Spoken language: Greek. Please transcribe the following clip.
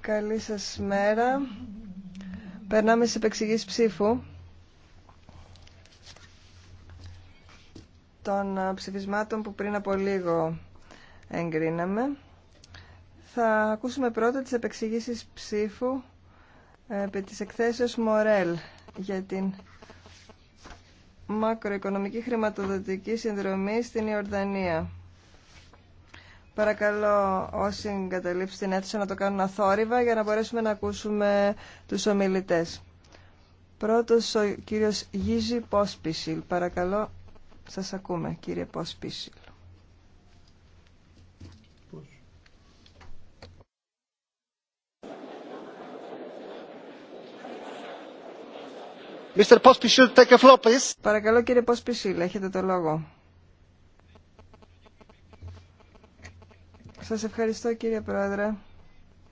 Καλή σα μέρα. Περνάμε στι επεξηγήσει ψήφου των ψηφισμάτων που πριν από λίγο εγκρίναμε. Θα ακούσουμε πρώτα τι επεξηγήσει ψήφου ε, επί τη εκθέσεω Μορέλ για την μακροοικονομική χρηματοδοτική συνδρομή στην Ιορδανία. Παρακαλώ όσοι εγκαταλείψουν την αίθουσα να το κάνουν αθόρυβα για να μπορέσουμε να ακούσουμε τους ομιλητές. Πρώτος ο κύριος Γίζη Πόσπισιλ. Παρακαλώ, σας ακούμε κύριε Πόσπισιλ. Mr. Pospisil, take a floor, please. Παρακαλώ κύριε Πόσπισιλ, έχετε το λόγο. Σας ευχαριστώ κύριε Πρόεδρε.